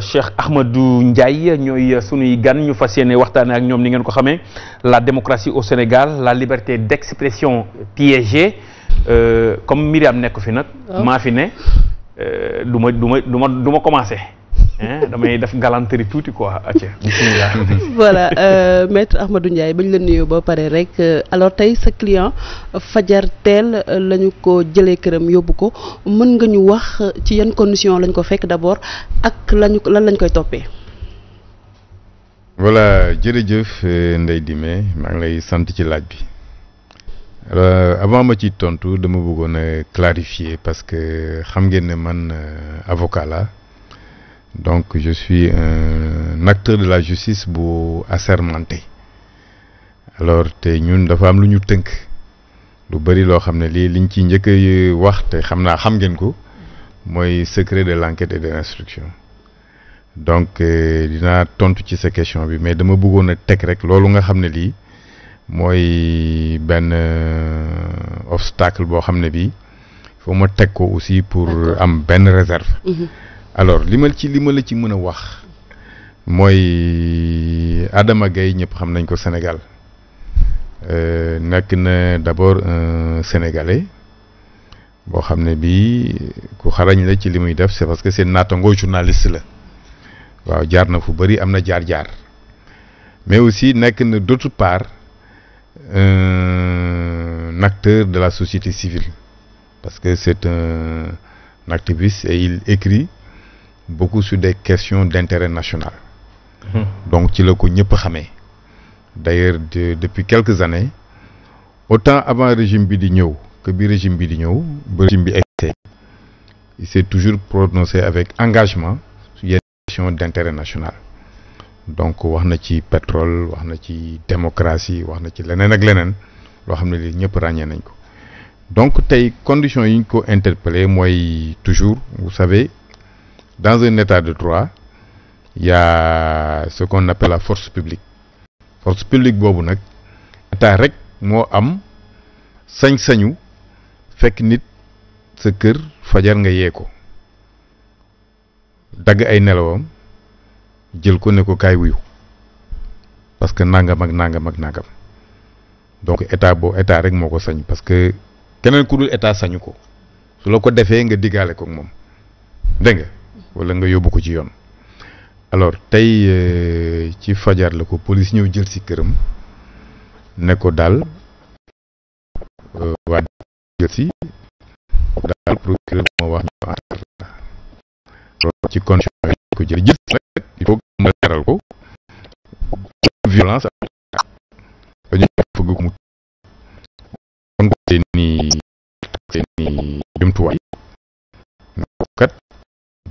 Cheikh Ahmadou Ndiaye ñooy sunuy gan ñu fas yéene waxtaanee ak ñoom li ngeen ko xamee la démocratie au Sénégal la liberté d'expression piégée euh, comme Myriam nekk fi nag oh. maa fi ne euh, du ma du ma du ma du ma commencé damay def galanterie tuuti quoi acca voilà euh, maître Ahmadou Ndiaye bañ la nuyoo ba paree rek euh, alors tey sa client fajar teel euh, lañu ko jëlee këram yóbbu ko mën nga ñu wax ci yan condition lañ ko fekk d'abord ak lañu lan lañ koy toppee voilà jërëjëf Ndeye Dime maa ngi lay sant ci laaj bi avant ma ciy tontu dama bëggoon a clarifier parce que xam ngeen ne man avocat la donc je suis un acteur de la justice bu assermenté alors te ñun dafa am lu ñu tënk lu bëri loo xam ne lii liñ ci njëkk a wax te xam naa xam ngeen ko mooy secret de l'enquête et de l'instruction donc euh, dinaa tontu ci sa question bi mais dama bëggoon a teg rek loolu nga xam ne lii mooy benn euh, obstacle boo xam ne bii foo ma teg ko aussi pour am benn réserve. Mhm. alors li ma ci li ma la ci mën a wax mooy Adama Gaye ñëpp xam nañ ko Sénégal euh, nekk na d'abord un sénégalais boo xam ne bii ku xarañ la ci li muy def c'est parce que seen naatangoo journaliste la waaw jaar na fu bëri am na jaar-jaar mais aussi nekk na d'autre part un acteur de la société civile parce que c'est un activiste et il écrit beaucoup sur des question d'intérêt national. Mmh. donc ci la ko ñëpp xamee. d'ailleurs de, depuis quelques années autant avant régime bi di ñëw que bi régime bi di ñëw ba régime bi egg il s'est toujours prononcé avec engagement sur yenn question d'intérêt national donc wax na ci pétrole wax na ci démocratie wax na ci leneen ak leneen loo xam ne lii ñëpp ràññee nañ ko donc tey conditions yi ñu ko interpellé mooy toujours vous savez dans un état de droit il y ce qu'on appelle la force publique force publique boobu nag état rek moo am sañ-sañu fekk nit sa kër fajar nga yee ko dagg ay nelawam jël ko ne ko kaay wuyu parce que nangam ak nangam ak nangam donc état boobu état rek moo ko sañ parce que keneen ku dul état sañu ko su la ko defee nga diggaale ko moom dégg nga wala nga yóbbu ko ci yoon alors tey euh, ci fajar la ko police ñëw jël si këram ne ko daal euh, waa si daal procureur ma wax ñu entar la ci condition ko jël jël si nag il faut ma leeral ko violence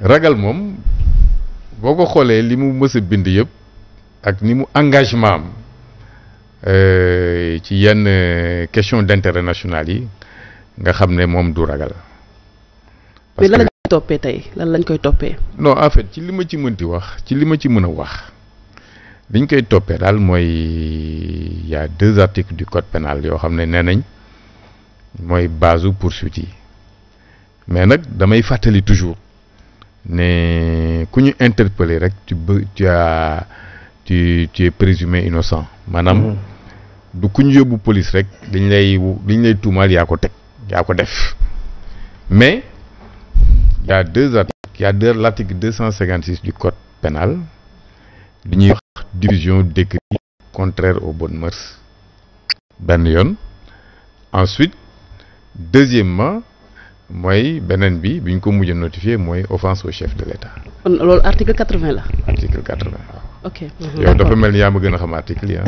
ragal moom boo ko xoolee li mu mës bind yëpp ak ni mu engagement am euh, ci yenn euh, question d'intérêt national yi nga xam ne moom du ragal. parce que toppee tey lan lañ koy toppee. non en fait ci li ma ci mënti wax ci li ma ci mën a wax liñ koy toppee daal mooy y a deux articles du code pénal yoo xam ne nee nañ mooy base poursuite yi mais nag damay fàttali toujours. ne ku ñu interpellé rek tu bë tu as tu tu es présumé innocent maanaam mm. du ku ñu yóbbu police rek dañ lay dañ lay tuumaal yaa ko teg yaa ko def mais y a deux articles y a deux l'article deux cent cinquante six du code pénal li ñuy wax division d'écrit contraire aux bonnes mœurs benn yoon ensuite deuxièmement mooy beneen bi bi ko mujj a mooy offense au chef de l' état. kon loolu article quatre vingt la. article quatre vingt waaw. ok yow dafa mel yaa ma gën a xam article yi ah.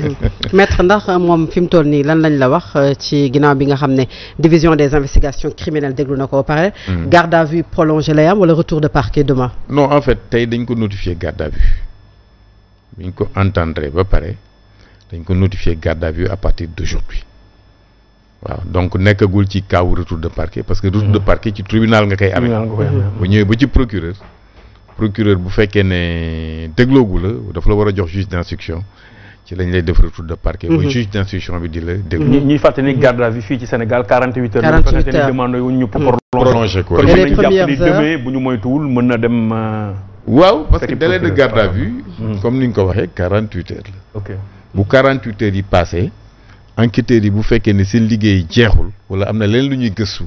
maître ndax moom fi mu toll nii lan lañ la wax euh, ci ginnaaw bi nga xam ne division des investigations criminelles déglu na ko ba pare. Hmm. garde à vue prolongée lay am wala retour de parquet demain. non en fait tey dañ ko notifié garde à vue bi ñu ko entendre ba pare dañ ko notifié garde à vue à partir d' aujourd'hui waaw donc nekkagul ci kaw retour de parquet parce que retour de hmm. parquet ci tribunal nga koy amee ba ñëwee ba ci procureur procureur bu fekkee ne dégloogu la dafa la war a jox juge d'instruction ci lañ lay def retour de parquet. mooy hmm. bi di la déglu. ñi ñuy fii ci Sénégal 48 heures. 48 heures hmm. bu fekkee ñu prolongé ko. moytuwul mën na dem. Euh, waaw parce que délai de garde à vue. comme ni ñu ko waxee 48 heures la. ok bu 48 heures yi passé. enquêteurs yi bu fekkee ne seen liggéey jeexul wala am na leen lu ñuy gëstu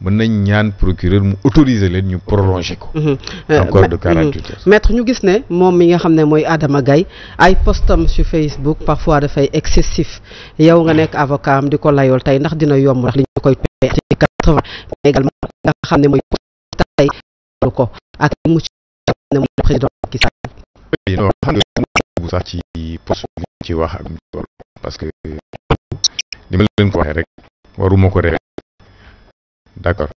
mën nañ ñaan procureur mu autoriser leen ñu prolonger ko. Mhm. Euh, encore ñu gis ne moom mi nga xam ne mooy Adama gay ay postam sur Facebook parfois dafay excessif yow nga nekk avocat am di ko layool tey ndax dina yomb ndax li ñu koy payé ci 80 également nga xam ne mooy tey ko ak mu ci ne mooy président Macky Sall. non xam sax ci post ci wax ak parce ni ma leen ko waxee rek waruma ko rek d'accord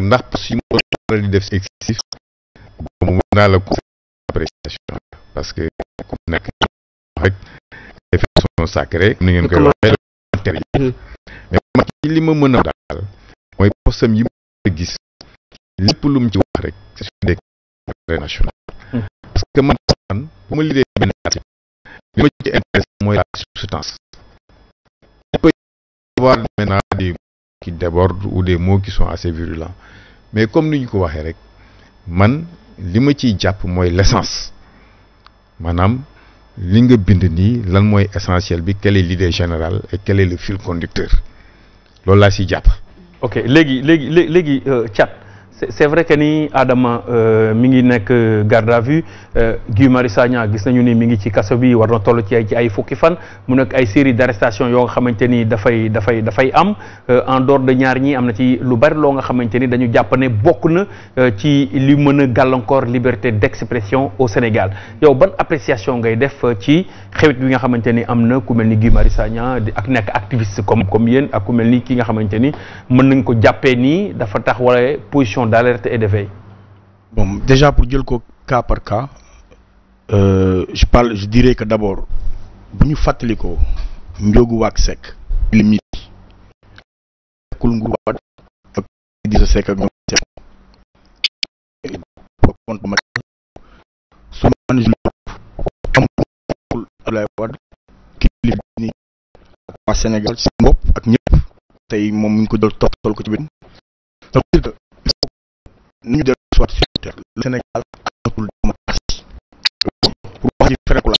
ndax su parce que ni ngeen koy mm-hmm. man mën a daal mm-hmm. bu ma liggéey benn article li ma ci intéresse mooy la substance avoir maintenant des mots qui débordent ou des mots qui sont assez virulents mais comme ni ñu ko waxee rek man li ma ciy jàpp mooy lessance maanaam li nga bind nii lan mooy essentiel bi quelle est général générale et quel est le fil conducteur loolu laa si jàpp. léegi léegi léegi Thiat. Euh, c'est vrai que ni Adama euh, mi ngi nekk euh, garde à vue euh, Guy Marius Sagna gis nañu ni mi ngi ci kaso bi war na toll ci ay ci ay fukki fan mu nekk ay série d'arrestation yoo nga xamante ni dafay dafay dafay am en dehors de ñaar ñi am na ci lu bari loo nga xamante ni dañu jàpp ne bokk na ci li mën a gàllankoor liberté d'expression au Sénégal yow ban appréciation ngay def ci xewit bi nga xamante ni am na ku mel ni Guy Marius Sagna ak nekk activiste comme comme yéen ak ku mel ki nga xamante ni mën nañ ko jàppee d'alerte et de bon déjà pour jël ko cas par cas euh, parle je dirais que d'abord bu ñu fàttalikoo Ndiogou Wack Seck li mi nekkul nguur Wade ak Idrissa Seck ak ñoom Ousmane amul Abdoulaye ak waa Sénégal seen bopp ak ñëpp tey moom mu ko jël toftal ko ci benn ni ñu soit sur terre le Sénégal amatul démocratie pour wax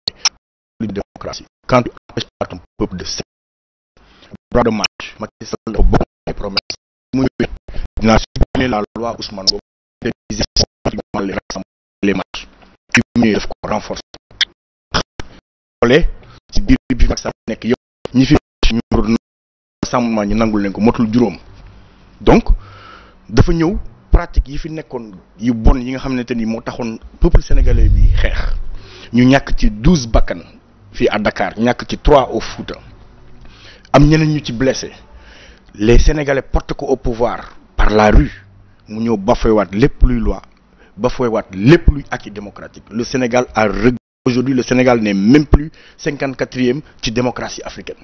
ji démocratie quand tu empêches à de se droit de marche Macky Sall dafa bokk ay promesse mu ñëwee dinaa ko renforcer xoolee ci biir bi Macky Sall nekk yëpp ñi fi ñu rassemblement ñu nangul leen ko motul juróom donc dafa ñëw pratique yi fi nekkoon yu bon yi nga xam ne te ni moo taxoon peuple sénégalais bi xeex ñu ñàkk ci douze bakkan fii à Dakar ñàkk ci trois au Fouta am ñeneen ñu ci blessé les sénégalais porte ko au pouvoir par la rue mu ñëw bafouewaat lépp luy loi bafouewaat lépp luy acquis démocratique le Sénégal a regretté aujourd'hui le Sénégal ne même plus cinquante quatrième ci démocratie africaine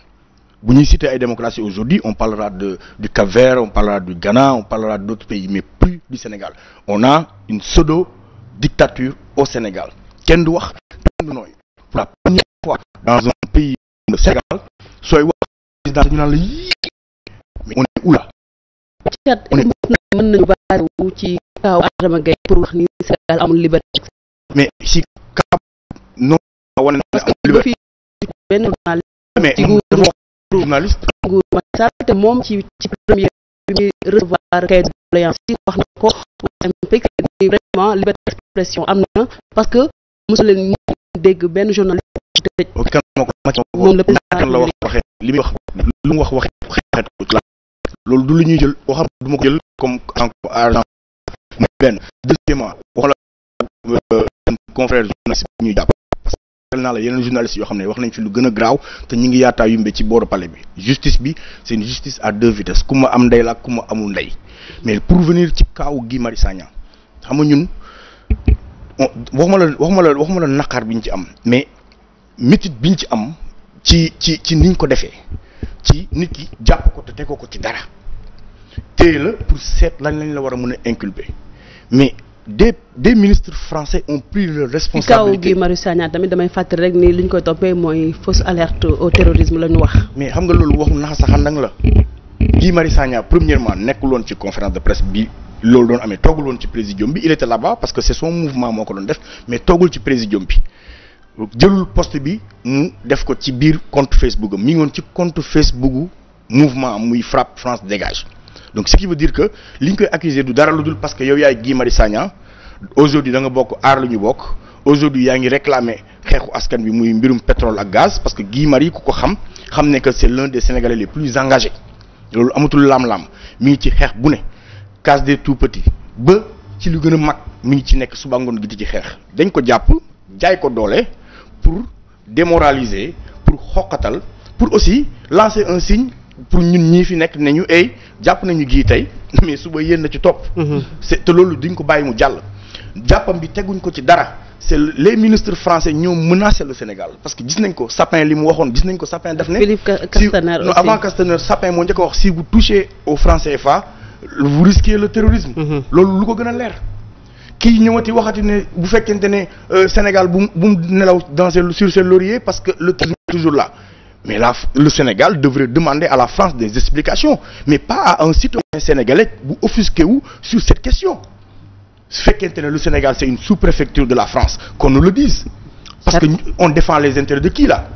bu ñuy citer ay démocratie aujourd'hui on parlera de du Cap-Vert on parlera du Ghana on parlera d'autres pays mais plus du Sénégal on a une pseudo dictature au Sénégal kenn du wax kenn du nooy pour la première fois dans un pays le Sénégal sooy wax président ñu mais on est où là on est mën ci kaw Adama pour wax ni Sénégal amul liberté mais si ka non wane na amul liberté mais journaliste nguur Macky Sall te moom ci ci premier bi muy recevoir cahier de doléance wax na ko Olympique ni liberté d'expression am na parce que mosul leen dégg benn journaliste tëj moom la président la wax waxee li muy wax lu mu wax waxee la loolu du lu ñuy jël waxam du ko jël comme argent muy benn deuxièmement waxala euh, confrère journaliste bi ñuy jàpp naa la yeneen journaliste yoo xam ne wax nañ fi lu gën a graaw te ñu ngi yaataa yumbe ci booru palais bi justice bi c'est justice à deux vitesses ku am ndey la ak amul ndey mais pour venir ci kaaw Guy Marius Sagna xam nga ñun waxuma la waxuma la waxuma la naqar bi ñu ci am mais métit bi ñu ci am ci ci ci niñ ko defee ci nit ki jàpp ko te tegoo ko ci dara téye la pour seet lañ lañ la war a mën a inculper mais de des ministres français ont pris leur responsabilité ci kaw Guy Marius Sagna tamit damay fàttali rek ni li ñu koy toppee mooy fausse alerte au terrorisme la ñu wax. mais xam nga loolu waxu naxa saxandang la Guy Marius Sagna premièrement nekkul woon ci conférence de presse bi loolu doon amee toogul woon ci présidium bi il était là-bas parce que c'est son mouvement moo ko doon def mais toogul ci présidium bi jëlul poste bi mu def ko ci biir compte Facebook am mi ngi woon ci compte Facebook mouvement muy frappe France dégage. donc ce qui veut dire que li ñu koy accuser du dara lu parce que yow yaay Guy Marius Sagna aujourd'hui da nga bokk aar lu ñu bokk aujourd'hui yaa ngi réclamer xeexu askan bi muy mbirum pétrole ak gaz parce que Guy Marius ku ko xam xam ne que c'est l'un des Sénégalais les plus engagés loolu amatul laam-laam mi ngi ci xeex bu ne case des tout petits ba ci lu gën a mag mi ngi ci nekk suba ngoon gi di ci xeex dañ ko jàpp jaay ko doole pour démoraliser pour xoqatal pour aussi lancer un signe pour ñun ñii fi nekk nañu ay jàpp nañu gii tey mais suba yéen na ci topp. Mhm. c'est te loolu duñ ko bàyyi mu jàll. jàppam bi teguñ ko ci dara. c'est les ministres français ñoo menacé le Sénégal parce que gis nañ ko Sapin li mu waxoon gis nañ ko Sapin def ne Philippe Castaner aussi avant Castaner Sapin moo njëkk a wax si vous touchez au franc CFA vous risquez le terrorisme mhm. loolu lu ko gën a leer kii ñëwati waxati ne bu fekkente ne euh, Sénégal bu bu mu nelaw dans sur ses lauriers parce que le terrorisme est mais la le Sénégal devrait demander à la France des explications mais pas à un citoyen sénégalais bu offusqué sur cette question su fekkente ne le Sénégal c'est une sous de la France qu'on nous le dise parce que on défend les intérêts de qui là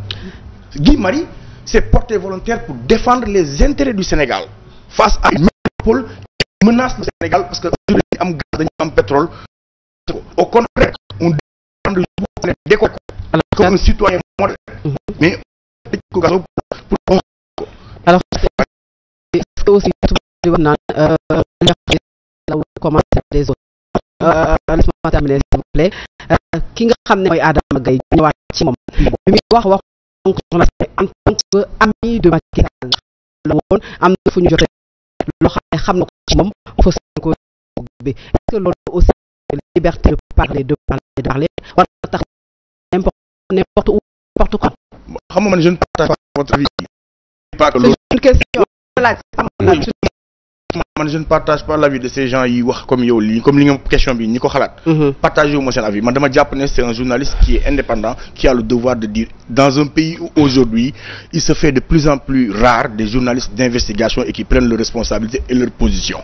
Guy Marie s'est porté volontaire pour défendre les intérêts du Sénégal face à une métropole parce que dañu am gaz pétrole comme un citoyen modèle mhm. mais ko gas pour wax ko alors est-ce que aussi di wax naan la commencer des autres ki nga xam ne mooy Adama Gaye ñëwaat ci moom bi muy wax wax donc journaliste en tant que ami de la woon am na fu ñu jotee loo xam ne xam na ko ci moom fas ko bi est que loolu aussi liberté de parler de parler de parler war tax n'importe où n'importe quoi xam nga man je ne partage pas votre avis. pas que loolu une question man l'avis de ces gens yi wax comme yow lii comme li nga question bi ñi ko xalaat. Mhm. partagé wu ma seen avis man c'est un journaliste qui est indépendant qui a le devoir de dire dans un pays où aujourd'hui il se fait de plus en plus rare des journalistes d'investigation et qui prennent leurs responsabilités et leur position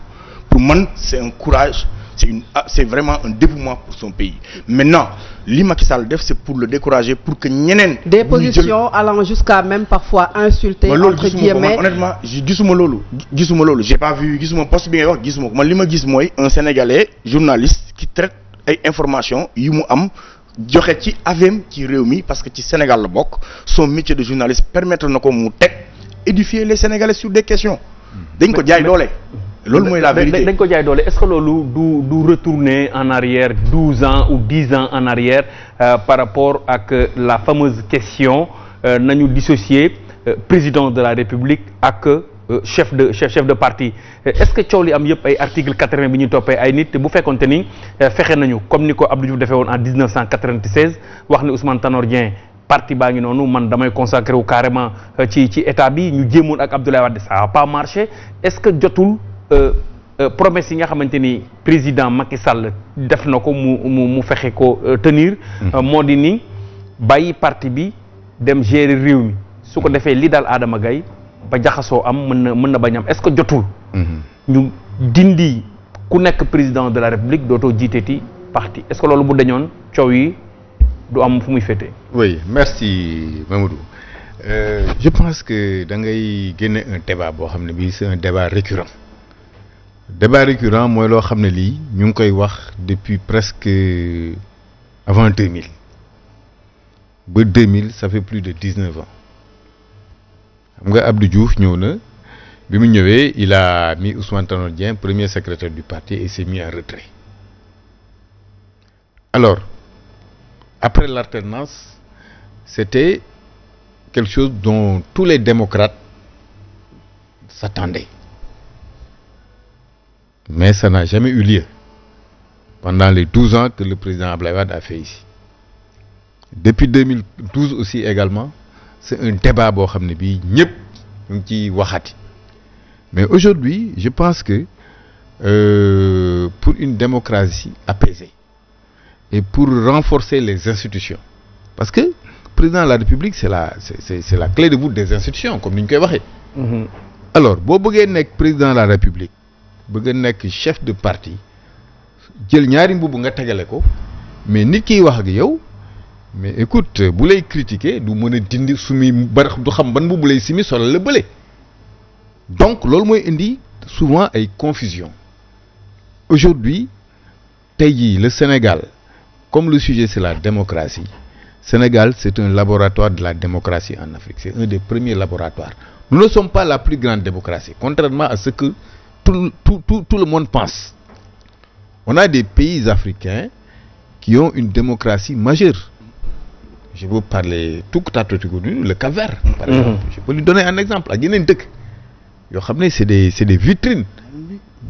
pour man c'est un courage. c'est une ah, vraiment un dévouement pour son pays maintenant li Macky Sall def c'est pour le décourager pour que ñeneen. des positions allant jusqu'à même parfois insulter. entre guillemets honnêtement gisuma loolu gisuma loolu j'ai pas vu gisuma poste bi ngay wax gisuma ko man li ma gis mooy un sénégalais journaliste qui traite ay information yu mu am. joxe ci avem ci réew mi parce que ci Sénégal la bokk son métier de journaliste permettre na ko mu teg édifier les Sénégalais sur des questions mm-hmm. dañ ko jaay doole loolu mooy la vérité dañ ko jaay doole est-ce que loolu du du en arrière douze ans ou dix ans en arrière euh, par rapport ak euh, la fameuse question euh, nañu dissocier euh, président de la République ak chef de chef chef de parti est-ce que coow li am yëpp ay article quatre-vingt bi ñuy toppee ay nit bu fekkonte ni fexe nañu comme ni ko Abdou Diouf defee woon en 1996 wax ni Ousmane Tanor Dieng parti baa ngi noonu man damay consacré wu carrément ci ci état bi ñu jéemoon ak Abdoulaye Wade ça a pas marché est-ce que jotul. Euh, euh, promesse yi nga xamante ni président Macky Sall def na ko mu mu mu fexe ko euh, tenir. Hmm. moo di ni bàyyi parti bi dem gérer réew mi su ko defee li daal Adama gay ba jaxasoo am mën na mën na bañ am est-ce que jotul. Hmm. ñu dindi ku nekk président de la république dootoo jiiteeti parti est-ce que loolu bu dañoon coow yi du am fu muy féete. merci Mamadou. Euh, je pense que da ngay génne un boo xam ne bii c'est un débat débat récurrent mooy loo xam ne lii ñu ngi koy wax depuis presque euh, avant 2000 ba 2000 ça fait plus de 19 ans xam nga Abdou Diouf ñëw na bi mu ñëwee il a mis Ousmane Tanor Dieng premier secrétaire du parti et s'est mis en retrait alors après l'alternance c'était quelque chose dont tous les démocrates s'attendaient Mais ça n'a jamais eu lieu pendant les 12 ans que le président Ablaye Wade a fait ici. Depuis 2012 aussi également, c'est un débat boo xam ne bii ñëpp ñu ngi ciy waxati mais aujourd'hui je pense que euh, pour une démocratie apaisée et pour renforcer les institutions parce que président de la République c'est la c'est c'est la clé de voûte des institutions comme ni ñu koy waxee mm-hmm. alors boo bëggee nekk président de la République bëgg a nekk chef de parti jël ñaari mbubb nga tegale ko mais nit kiy wax ak yow mais écoute bu lay critiquer du mën a dindi sumi barax du xam ban mbubb lay simis solo la bële donc loolu mooy indi souvent ay confusion aujourd'hui tey jii le Sénégal comme le sujet c'est la démocratie Sénégal c'est un laboratoire de la démocratie en Afrique c'est un des premiers laboratoires nous ne sommes pas la plus grande démocratie contrairement à ce que tout, tout, tout, tout le monde pense. On a des pays africains qui ont une démocratie majeure. Je veux parler tout à le Cap-Vert, par mhm. exemple. Je peux lui donner un exemple. La Guinée-Ndek. C'est des, des vitrines.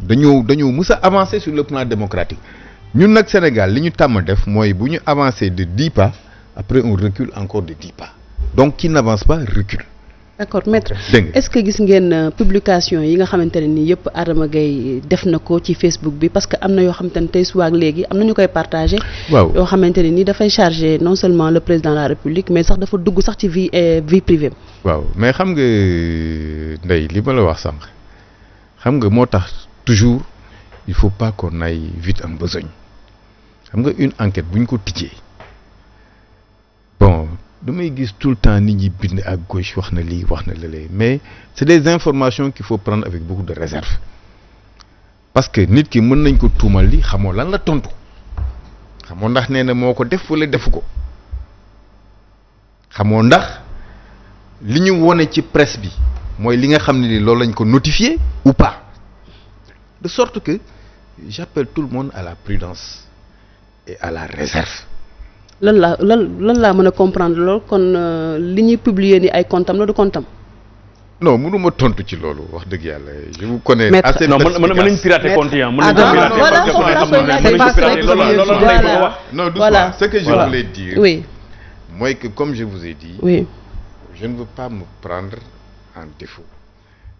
dañoo dañoo mës a avancer sur le plan démocratique ñun nag Sénégal li ñu tàmm def mooy bu ñu avancer de dix pas après on recule encore de dix pas donc qui n'avance pas recule d'accord maître est-ce que gis ngeen euh, publication yi nga xamante ne nii yëpp Adama Gaye def na ko ci Facebook bi parce que am na yoo xamante ni tey su suwaag léegi am na ñu koy partagé waaw yoo xamante ne nii dafay chargé non seulement le président de la République mais sax dafa dugg sax ci vie euh, vie privée waaw mais xam nga ndey li ma la wax sànq xam nga moo tax toujours il faut pas qu'on aille vite en besogne xam nga une enquête bu ñu ko tijjee damay gis tout le temps nit ñi bind à gauche wax na lii wax na lële mais c'est des informations qu'il faut prendre avec beaucoup de réserve parce que nit ki mën nañ ko tuumal li xamoo lan la tontu xamoo ndax nee na moo ko def wala defu ko xamoo ndax li ñu wone ci presse bi mooy li nga xam ne ni loolu lañ ko notifié ou pas de sorte que j'appelle tout le monde à la prudence et à la réserve lan laa lan lan laa mën a comprendre loolu kon euh, li ñuy publier ni ay comptam la du comptam non mënu tontu ci loolu wax dëgg yàlla je vous connais. assez non mën man a compte yi ah mën nañ pirater non a ce que je voulais dire. oui mooy que comme je vous ai dit. oui je ne veux pas me prendre en défaut.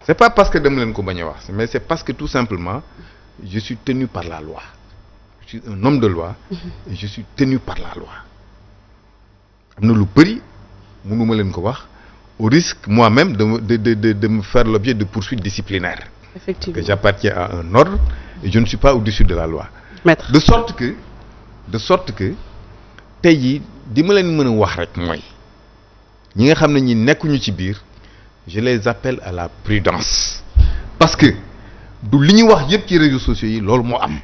c'est pas parce que dama leen ko bañ wax mais c'est parce que tout simplement je suis tenu par la loi. je suis de loi et je tenu par la loi am na lu bëri mënuma leen ko wax au risque moi-même de de de de me faire l'objet de poursuites disciplinaires effectivement que j'appartiens à un ordre je ne suis pas au-dessus de la loi Maître. de sorte que de sorte que tey jii di ma leen mën a wax rek mooy ñi nga xam ne ñi nekkuñu ci biir je les appelle à la prudence parce que du li ñu wax yëpp ci réseaux sociaux yi loolu moo am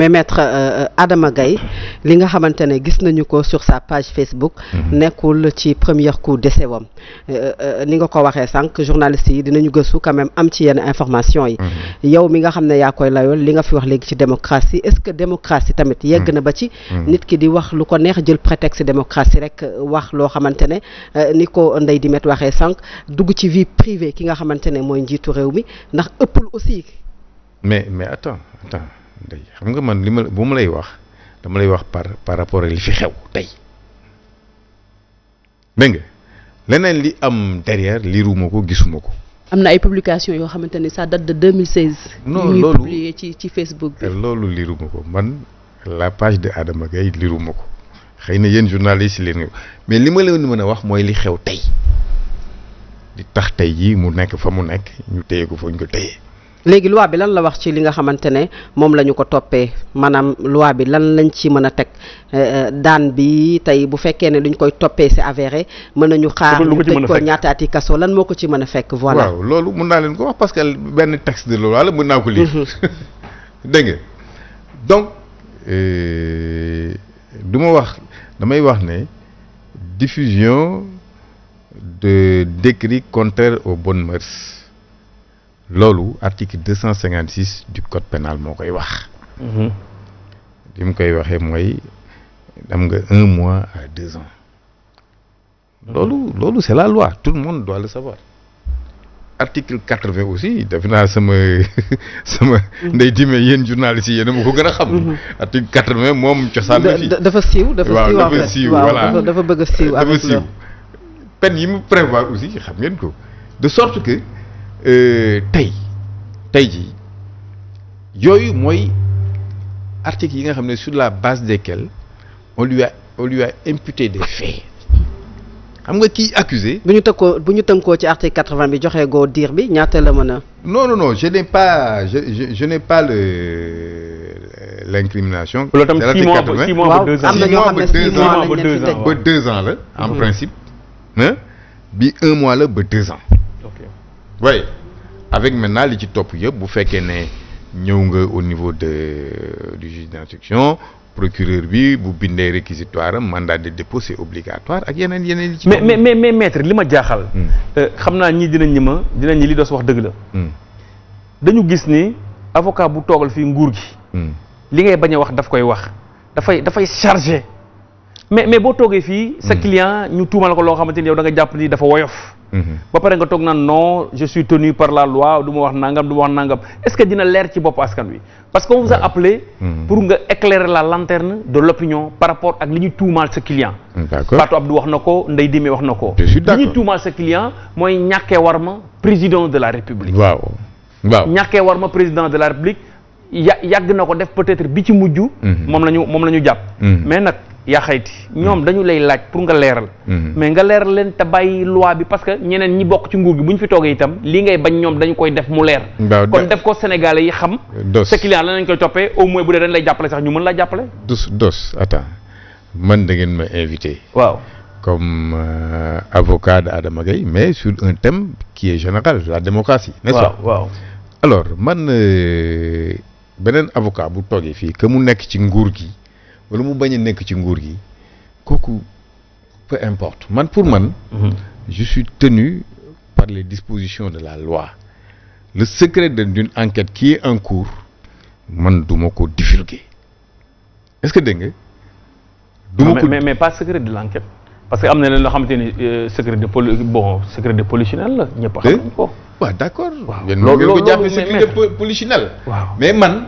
mais maître euh, euh, Adama Gaye li nga xamante ne gis nañu ko sur sa page Facebook mhm. nekkul ci premier coup d'essai wam euh, ni nga ko waxee sànq journalistes yi dinañu gëstu quand même am ci yenn information yi mhm. yow mi nga xam ne yaa koy layool li nga fi wax léegi ci démocratie est-ce que démocratie tamit yegg mhm. na ba ci nit ki di wax lu ko neex jël prétexte démocratie rek wax loo xamante ne ni ko di Dimet waxee sànq dugg ci vie privée ki nga xamante ne mooy njiitu réew mi ndax day xam nga man li ma bu ma lay wax dama lay wax par par rapport ak li fi xew tey dégg nga leneen li am derrière liiruma ko gisuma ko. am na ay publication yoo xamante ne ça date de 2016. loolu ci ci Facebook bi. loolu liiruma ko man la page de Adama Gaye liiruma ko xëy na yéen journaliste yi leen mais li ma leen mën a wax mooy li xew tey li tax tey jii mu nekk fa mu nekk ñu téye ko fa ñu ko téye. léegi loi bi lan la wax ci li nga xamante ne moom la ñu ko toppee maanaam loi bi lan lañ ci mën a teg euh, euh, daan bi tey bu fekkee ne duñ koy toppee c'est avéré mën nañu xaar lu tëj ko ñaata ati kaso lan moo ko ci mën a fekk voilà loolu mun naa leen ko wax parce que benn texte de loi la mun naa ko lire mm-hmm. dégg donc euh, du wax damay wax ne diffusion de décrets contraires aux bonnes mœurs loolu article deux cent cinquante six du code pénal moo koy wax. li mhm. mu koy waxee mooy am nga un mois à deux ans. Mhm. loolu loolu c'est la loi tout le monde doit le savoir. article quatre-vingt aussi def naa sama sama. Mhm. ndey dime yéen journalistes yi moo ko gën a xam. article quatre moom cosaan la fi. dafa siiw dafa siiw waaw dafa siiw voilà dafa bëgg siiw. dafa siiw peine yi mu prévoir aussi xam ngeen ko Euh, tey tey jii yooyu mooy articles yi nga xam ne sur la base desquels on lui a on lui a imputé des faits xam nga kii accusé bu ñu tënkoo bu ñu tënkoo ci article quatre-vingt bi joxe goo diir bi ñaata la man na non non non je n'ai pas je je, le l'incrimination. loolu tam six mois ba na ñoo xam ne deux ans la en principe. bi un mois la ba deux ans. oui avec maintenant li ci topp yëpp bu fekkee ne ñëw nga au niveau de du juge d'instruction procureur bi bu bindee réquisitoire am mandat de dépôt c'est obligatoire ak yeneen yeneen. ci mais mais mais maître li ma jaaxal. Hmm. Euh, xam naa ñii dinañ ñi ma dinañ ñi li doos wax dëgg la. Hmm. dañu gis ni avocat bu toogal fii nguur gi. Hmm. li ngay bañ a wax daf koy wax dafay dafay chargé mais mais boo toogee fii. sa client ñu tuumal ko loo xamante ni yow da nga jàpp ni dafa woyof. Mm-hmm. ba pare nga toog naan non je suis tenu par la loi du ma wax nangam du ma wax nangam est-ce que dina leer ci bopp askan wi parce que vous a mm-hmm. Mm-hmm. pour nga éclairer la lanterne de l'opinion par rapport ak li ñu tuumaal sa client Fatou Abdou wax na ko Ndeye Dime wax na ko li ñuy tuumaal sa client mooy ñàkkee war ma président de la République waaw waaw ñàkkee war ma président de la République ya yàgg na ko def peut-être bi ci mujj. Mhm. moom la ñu moom la ñu jàpp. Mhm. mais nag yaa xayti ñoom mhm. dañu lay laaj pour nga leeral. mais nga leeral leen te bàyyi loi bi parce que ñeneen ñi bokk ci nguur gi bu ñu fi toogee itam li ngay bañ ñoom dañu koy def mu leer. kon def ko sénégale yi xam. dos sa client la nañ koy toppee au moins bu dee dañ lay jàppale sax ñu mën laa jàppale. dos dos attends man da ngeen ma invité. waaw. comme euh, avocat d'Adama mais sur un thème qui est général waaw waaw alors man euh, beneen avocat bu toogee fii que mu nekk ci nguur gi wala mu bañ a nekk ci nguur gi kooku peu importe man pour man. Mhm. je suis tenu par les dispositions de la loi le secret d'une enquête qui est en cours man duma ma ko divulguer est-ce que dégg nga. du ma ko mais mais pas secret de l'enquête. parce que am na leen loo xamante ni euh, secret de poli bon secret de polichinelle la ñëpp xam nañ ko. Eh? waaw d' accord. waaw loolu loolu ko jàppee secret de polichinelle. waaw mais man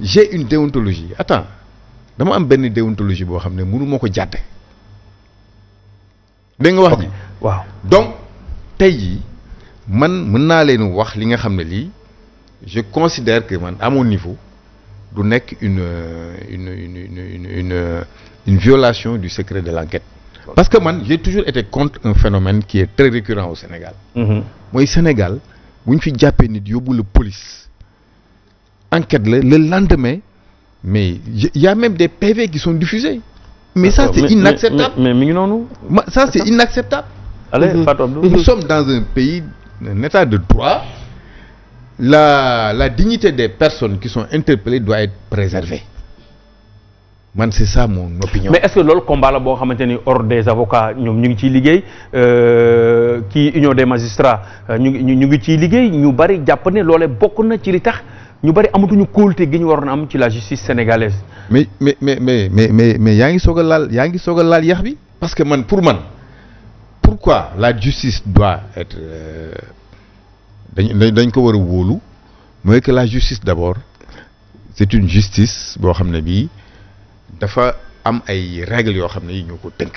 j'ai une déontologie attends dama am benn déontologie boo xam ne mënu ma ko jàdde. dégg nga wax ji waaw donc tey jii man mën naa leen wax li nga xam ne lii je considère que man à mon niveau du nekk une euh, une une une une une violation du secret de l' enquête. parce que man j'ai toujours été contre un phénomène qui est très récurrent au Sénégal. Mm-hmm. mooy Sénégal bu ñu fi jàppee nit yóbbu la police enquête la le lendemain mais y a même des PV qui sont diffusés. mais ça c'est inacceptable mais mi ngi noonu. ma ça c'est inacceptable. allez mm-hmm. nous sommes dans un pays un de droit la la dignité des personnes qui sont interpellées doit être préservée. man c'est ça mon opinion. mais est-ce que loolu combat boo xamante ni ordre des avocats ñoom ñu ngi ciy liggéey euh, kii union des magistrats euh, ñu ngi ñu ngi ciy liggéey ñu bari jàpp ne loole bokk na ci li tax ñu bari amatuñu kóolute gi ñu waroon am ci la justice sénégalaise. mais mais mais mais mais mais yaa ngi soog a laal yaa ngi soog laal yax bi. parce que man pour man pourquoi la justice doit être euh, dañ dañ ko war a wóolu mooy que la justice d'abord c'est une justice boo xam ne bii. dafa am ay règles yoo xam ne yi ñoo ko tënk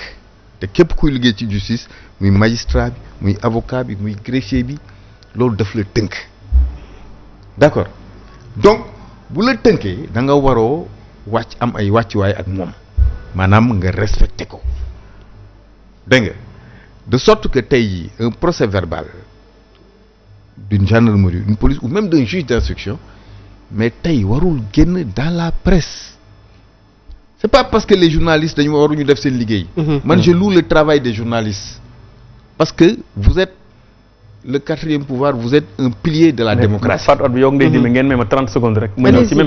te képp kuy liggéey ci justice muy magistrat bi muy avocat bi muy greffier bi loolu daf la tënk d'accord donc bu la tënkee da nga waroo wàcc am ay wàccuwaay ak moom maanaam nga respecté ko dégg nga de sorte que tey jii un procès verbal d'une gendarmerie une police ou même d'un juge d'instruction mais tey warul génn dans la presse c'est pas parce que les journalistes dañu waruñu def seen liggéey. Mhm. man je mhm. loue travail des journalistes. parce que vous êtes le quatrième pouvoir vous êtes un pilier de la mais démocratie. Fatou Abdou yow ngay dimbali mhm. ngeen may ma 30 secondes rek. ma ñëw ci bi.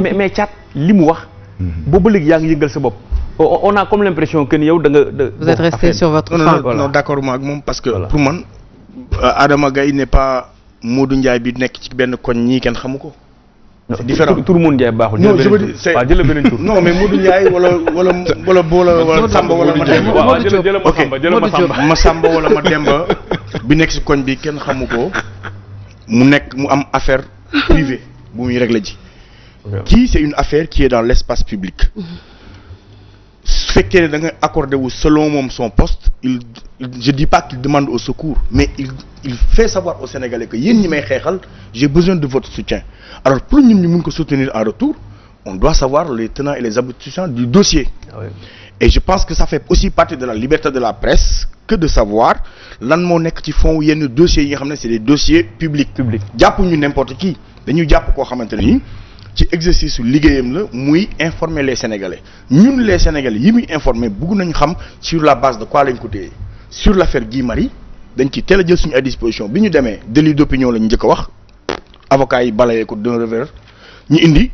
mais mais Thiat li mu wax. boobu léegi yaa ngi yëngal sa bopp. on a comme l'impression que ni yow da nga. vous êtes d'accord moom parce que. pour man euh, Adama Gaye n'est pas Modou Ndiaye bi nekk ci benn koñ ñii kenn xamu ko. c'est différent tur tur Moundou Ndiaye baaxul. non je veux beneen tur. non mais Modou Ndiaye wala wala wala Boola wala Samba wala Mademba. waaw jëlal jëlal Masamba jëlal Masamba. Masamba wala Mademba bi nekk si koñ bi kenn xamu ko mu nekk mu am affaire privée bu muy régler ji. kii c'est une affaire qui est dans l'espace public. Mhm. su fekkee ne da nga accordé wu selon moom son poste il je demande au secours mais il il fait savoir aux Sénégalais que yéen ñi may xeexal j'ai besoin de votre soutien alors pour ñun ñu mun ko soutenir en retour on doit savoir les tenants et les aboutissants du dossier ah et je pense que ça fait aussi partie de la liberté de la presse que de savoir lan moo nekk ci fond yenn dossiers yi nga xam ne c'est des dossiers publics publics jàpp ñu n'importe qui dañu jàpp koo xamante ne ci exercice su liggéeyam la muy informer les sénégalais ñun les sénégalais yi muy informer bëgg nañu xam sur la base de quoi lañ ko téye sur l' affaire Guy Marie dañ ci teel a jël suñu ay disposition bi ñu demee délit d' opinion lañ jëkk wax avocat yi balayé ko d'un revers ñu indi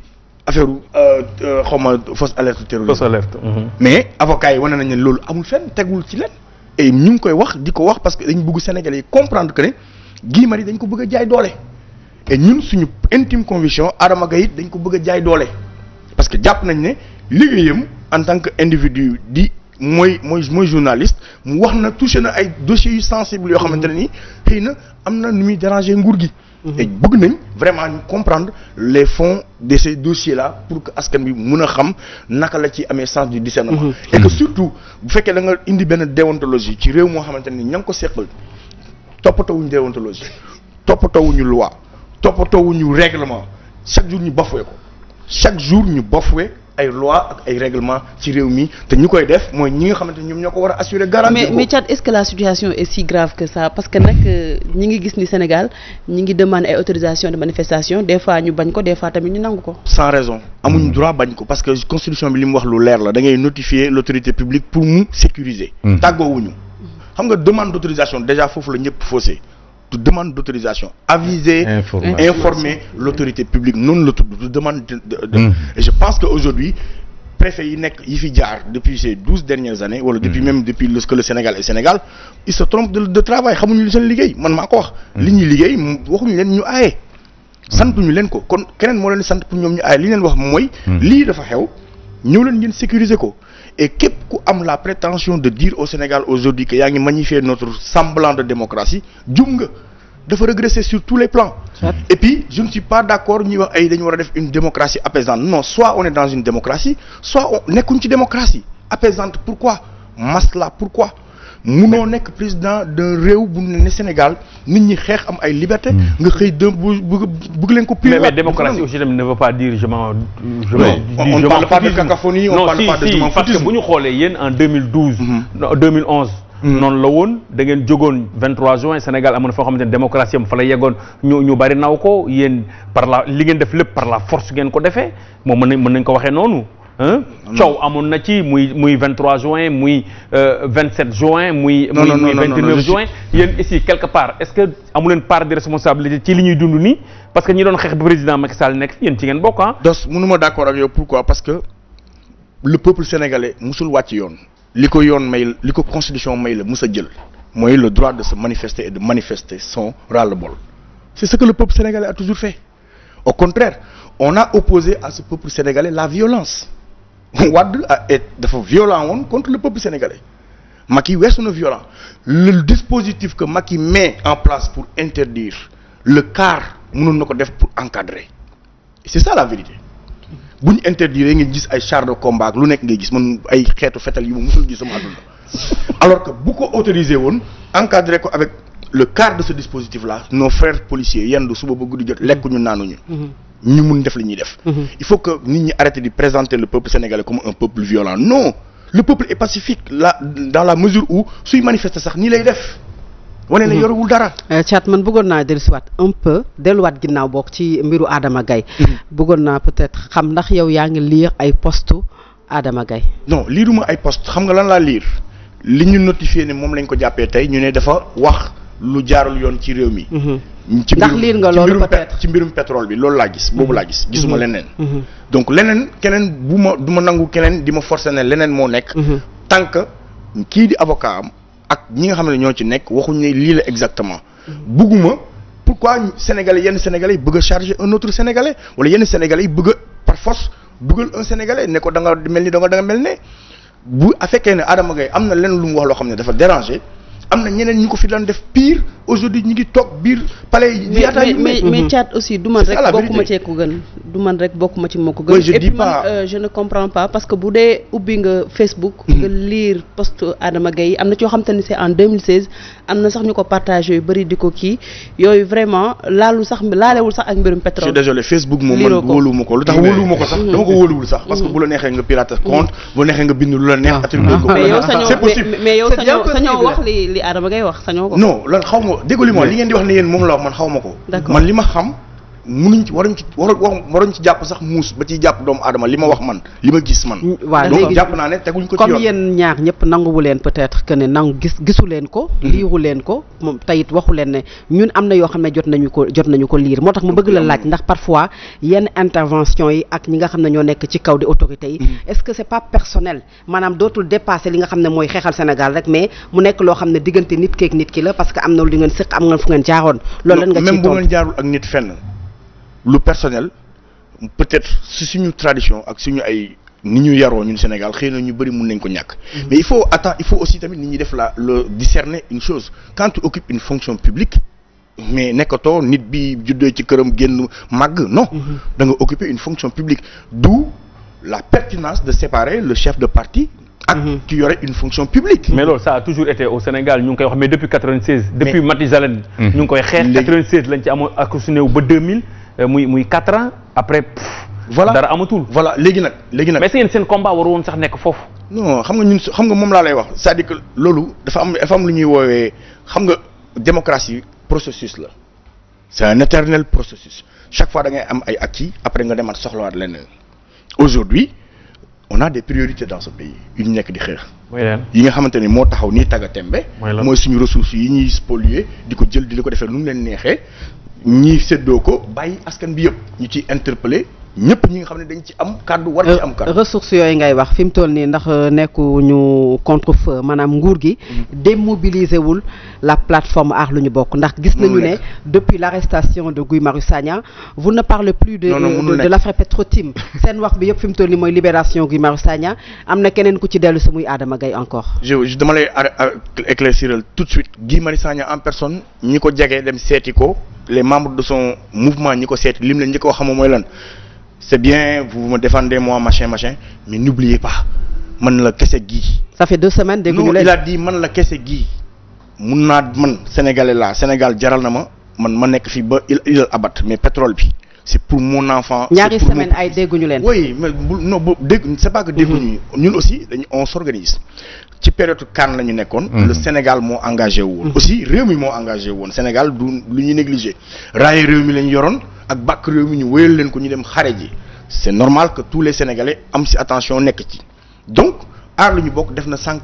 affaire euh, euh, xaw ma fausse alerte terroriste. fausse alerte. Mhm. mais avocat yi wane nañ ne loolu amul fenn tegul ci leen et ñu ngi koy wax di ko wax parce que dañ bëgg sénégalais yi comprendre que ne dañ ko bëgg a jaay doole. et ñun suñu intime conviction Adama Gaye dañ ko bëgg a jaay doole parce que jàpp nañ ne liggéeyam en tant que individu di mooy mooy mooy journaliste mu wax na touché na ay dossiers yu sensibles yoo xamante ne nii xëy na am na nu muy déranger nguur gi. Mhm. bëgg nañ vraiment comprendre les fonds de ces dossiers là pour que askan bi mun a xam naka la ci amee sens du discernement. Mhm. et que surtout bu fekkee da nga indi benn déontologie ci réew moo xamante ni nii ña ngi ko seqal toppatoo wuñ déontologie toppatoo ñu règlement chaque jour ñu bafoué ko chaque jour ñu bafoué ay loi ak ay règlement ci réew mi te ñu koy def mooy ñi nga xamante ñoom ñoo ko war a assurer garantie mais mais Thiat est-ce que la situation est si euh, ñi ngi gis ni Sénégal ñi ngi demande ay autorisation de manifestation des fois ñu bañ ko des fois tamit ñu nangu ko sans raison amuñu droit bañ ko parce que constitution bi li mu wax lu leer la dangay ngay notifier l'autorité publique pour mu sécuriser hmm. tàggoowuñu xam nga demande autorisation déjà foofu la ñëpp faussé demande d'autorisation aviser informer, informer l'autorité publique noonu la tudd du demande de mmh. je pense que aujourd'hui préfet yi nekk yi fi jaar depuis ces douze dernières années wala depuis mmh. même depuis que le Sénégal est Sénégal ils se trompent de travail xamuñu seen liggéey man maa ko wax mmh. li ñuy liggéey waxuñu leen ñu aaye ñu leen ko kon keneen moo leen sant pour ñoom ñu aaye li ñu leen wax mooy lii dafa xew ñëw leen ngeen ko et képp ku la prétention de dire au Sénégal aujourd'hui que yaa ngi magnifier notre semblant de démocratie jum nga dafa régresser sur tous les plans et puis je ne suis pas d'accord ñuy wax ay dañu war a une démocratie apaisante non soit on est dans une démocratie soit on nekkuñ ci démocratie apaisante pourquoi masla pourquoi munoo nekk président d'un réew bu ñu ne Sénégal nit ñi xeex am ay liberté hmm. nga xëy dem bëgg leen ko pire mais démocratie aussi tamit ne veut pas dire je m'en je on ne on hmm. hmm. noonu la woon da ngeen jógoon 23 juin Sénégal amoon foo xam ne démocratie am fa la yeggoon ñu ñu bari naw ko yéen par la li ngeen def lépp par la force ngeen ko defee moom mën nañ mën nañ ko waxee noonu coow amoon na ci muy muy 23 juin muy 27 euh, juin. muy muy 29 juin. yéen ici quelque part est-ce que amu leen part de responsabilité ci li ñuy dund ni parce que ñi doon xeex ba président Macky Sall nekk yéen ci ngeen bokk ah. dos mënuma d'accord ak yow pourquoi parce que le peuple sénégalais musul wàcc yoon. li ko yoon may li ko constitution may la musa a jël. mooy le droit de se manifester et de manifester son ras-le-bol. c'est ce que le peuple sénégalais a toujours fait. au contraire on a opposé à ce peuple la violence. Wade dafa violent woon contre le peuple sénégalais yi weesu na violent le dispositif que yi met en place pour interdire le car mënoon na ko def pour encadrer c'est ça la vérité bu ñu interdire ngeen gis ay chars de combat lu nekk ngay gis man ay xeetu fetal yi ma musul gis sama àdduna alors que bu ko autorisé woon encadré ko avec le car de ce dispositif là nos frères policiers yendu suba ba guddi jot lekkuñu naanuñu mm-hmm. ñu mun def li ñuy def. Mhm. il faut que nit ñi arrêter di présenter le peuple sénégalais comme un peuple violent non le peuple est pacifique là dans la mesure où suy manifester sax nii lay def. wane ne mhm. yorewul dara. Euh, Thiat man bëggoon naa dellusiwaat un peu delluwaat ginnaaw bokk ci mbiru Adama gay mhm. bëggoon naa peut-être xam ndax yow yaa ngi lire ay poste Adama Gaye non liiruma ay poste xam nga lan laa lire li ñu notifié ne moom lañ ko jàppee tey ñu ne dafa wax. lu jaarul yoon ci réew mi. Mhm. ci ndax liir nga loolu ci mbirum pétrole bi loolu laa gis boobu laa gis mhm. gisuma mhm. leneen. donc leneen keneen bu ma du ma nangu keneen di ma forcer ne leneen moo nekk. tant que kii di avocat am ak ñi nga xam ne ñoo ci nekk waxuñ ne lii la exactement. bugguma pourquoi sénégalais yenn sénégalais yi bëgg a charger un autre sénégalais wala yenn sénégalais yi bëgg a par force dugal un sénégalais ne ko da mel ni da nga mel ne bu fekkee ne Adama Gaye am na lenn lu mu wax loo xam ne dafa déranger. am na ñeneen ñu ko fi doon def pire aujourd'hui ñu ngi toog biir mais mais aussi du man rek bokkuma cee ko gën. du man rek bokkuma ci moo ko gën. je et dis puis pas... man euh, comprends pas parce que bu dee ubbi nga Facebook. Mm-hmm. nga lire post Adama Gaye am na ci yoo te ni c'est en 2016 am na sax ñu ko partagé yu bëri di ko kii yooyu vraiment laalu sax laalewul sax ak mbirum pétrole. Facebook moom man wóoluwuma ko lu tax wóoluwuma ko sax. Mm-hmm. dama ko wóoluwul sax parce que mm-hmm. bu la neexee nga pirate compte bu neexee nga Adama ngay wax sañoo ko. non loolu xaw ma déglu ma li ngeen di wax ne yéen moom la wax man xaw ma ko. man li ma xam. munuñ ci waruñ ci waruñ ci jàpp sax muus ba ci jàpp doomu adama li ma wax man li ma gis man. waa léegi donc ne teguñ ko ci yoon comme yéen ñaar ñëpp nanguwu leen peut-être que ne nangu gis gisu leen ko. Hmm. liiru leen ko moom tayit waxu leen ne ñun am na yoo xam ne jot nañu ko jot nañu ko liir moo tax mu bëgg la laaj ndax parfois yenn intervention yi ak ñi nga xam ne ñoo nekk ci kaw di autorité yi. Hmm. est-ce que c'est pas personnel maanaam dootul dépasser li nga xam ne mooy xeexal Sénégal rek mais mu nekk loo xam ne diggante nit keek ki la parce que na lu ngeen sëq am ngeen fu ngeen jaaroon loolu lan nga ciy lu personnel peut-être si suñu tradition ak suñu ay ni ñu yaroo ñu Sénégal xëy na ñu bëri mun nañ ko ñàkk. Mhm. mais il faut attendre il faut aussi tamit ni ñuy def la le discerner une chose quand tu occupes une fonction publique. mais nekkatoo nit bi juddoo ci këram génn màgg non mhm. da nga occuper une fonction publique d'où la pertinence de séparer le chef de parti ak mhm. ki yore une fonction publique mais loolu ça a toujours été au Sénégal ñu ngi wax mais depuis Euh, muy muy quatre ans après. voilà dara amatul. voilà léegi nag léegi nag. mais seen seen combat waru sax nekk foofu. non xam nga ñun xam nga moom laa lay wax cest à que loolu dafa am dafa am lu ñuy woowee xam nga démocratie processus la. c'est un éternel processus chaque fois da ngay am ay acquis après nga demat demaat soxlawaat leneen aujourd'hui on a des priorités dans ce pays yu ñu nekk di xeex. yi nga xamante ni moo taxaw nii tagga tembe mooy suñu ressources yi ñuy spolier di ko jël di li ko defee nu mu leen neexee. ñii séddoo ko bàyyi askan bi yëpp ñu ci interpellé ñëpp ñu nga xam ne dañ ci am kàddu war ci am kàddu ressources yooyu ngay wax fi mu toll nii ndax euh, nekku ñu contre maanaam nguur gi mm-hmm. démobiliser wul la plateforme aar lu ñu bokk ndax gis nañu ne depuis l'arrestation de Guy Marius Sagna vous ne parlez plus de euh, de l'affaire Petrotim seen wax bi yëpp fi mu toll nii mooy libération Guy Marius Sagna am na keneen ku ci dellu si muy Adama Gaye encore je ma lay éclairciral tout de suite Guy Marius Sagna en personne ñi ko jege dem seeti ko les membres de son mouvement ñi ko seeti lim la ñi ko xam mooy lan c'est bien vous me défendez moi machin machin mais n'oubliez pas man la kese gii. ça fait deux semaines dégg ñu leen il a dit man la kese gii mun naa man sénégalais laa Sénégal jaral na ma man ma nekk fii ba il abat mais pétrole bi c'est pour mon enfant. ñaari semaine ay dégguñu leen. oui mais bu non bu dégg c'est pas que dégguñu mm-hmm. ñun aussi dañu on s'organise ci période kan la ñu nekkoon. Mm-hmm. le Sénégal moo engagé woon. Mm-hmm. aussi réew mi moo engagé woon Sénégal du lu ñuy négligé. raay réew mi la ñu yoroon. ak bàkk yooyu mi ñu wéyal leen ko ñu dem xare ji c'est normal que tous les sénégalais am si attention nekk ci donc aar ñu bokk def na sànq.